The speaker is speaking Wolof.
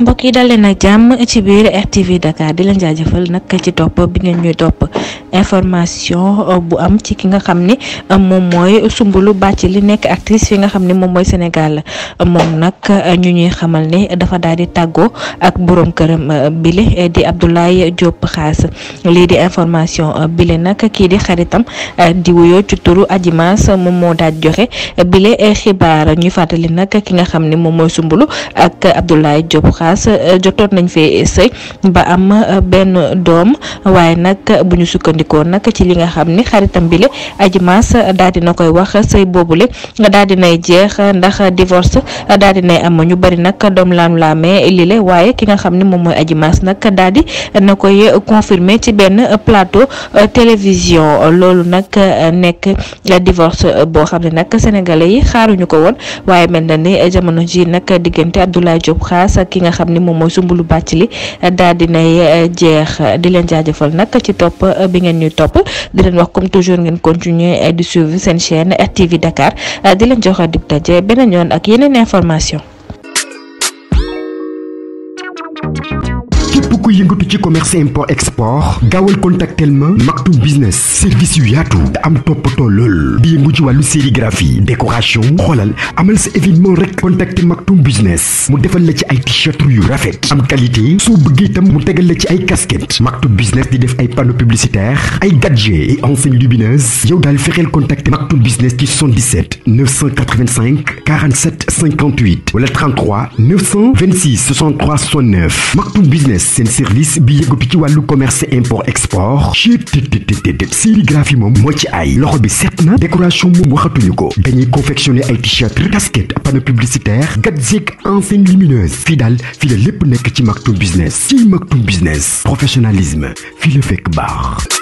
mbokk yi dal na ak jàmm ci biir RTV Dakar di leen jaajëfal nag ci topp bi ngeen ñuy topp information euh, bu am ci ki nga xam ni euh, moom mooy Soumboulou li nekk actrice fi nga xam ne moom mooy Sénégal moom nag euh, ñu ñuy xamal ni dafa daal di tàggoo ak boroom këram bile di Abdoulaye Diop Xaas lii di information bile nag kii di xaritam di wuyoo ci moom moo daal joxe bile xibaar ñu fàttali nag ki nga xam ni moom mooy Soumboulou ak Abdoulaye Diop Xaas jotoon nañ fee sëy ba am benn doom waaye nag bu ñu sukkandiku sukkandikoo nag ci li nga xam ni xaritam bi la Adji Mass daal dina koy wax sëy boobule daal nay jeex ndax divorce daal nay am ñu bari nag doom laam-laamee li la waaye ki nga xam ne moom mooy Adji Mass nag daal di na koy confirmer ci benn plateau télévision loolu nag nekk divorce boo xam ne nag sénégalais yi xaaruñu ko woon waaye mel na ni jamono ji nag diggante Abdoulaye Diop Khass ki nga xam ni moom mooy Soumboulou Bathily daal dinay jeex di leen jaajëfal nag ci ngeen ñuy topp di leen wax comme toujours ngeen continuer eh, di seen chaîne RTV eh, Dakar eh, di leen jox dig daje beneen yoon ak yeneen information kuy yëngatu ci commerce import export gawal contactel ma maktou business service yu yaatu am toppatoo lool di yëngu ci walu sérigraphie décoration xoolal amal sa événement rek contacte maktou business mu defal la ci ay t-shirt yu rafet am qualité su bëggee itam mu tegal la ci ay casquette maktou business di def ay panneaux publicitaires ay gadget et enseignes lumineuses yow dal le contacte maktou business ci 77 985 47 58 wala 33 926 63 69 maktou business service billets ci commerce import export sérigraphie décoration dañuy confectionné ay t-shirt casquette panneau publicitaire gadget enseigne lumineuse fi file le business ci business professionnalisme le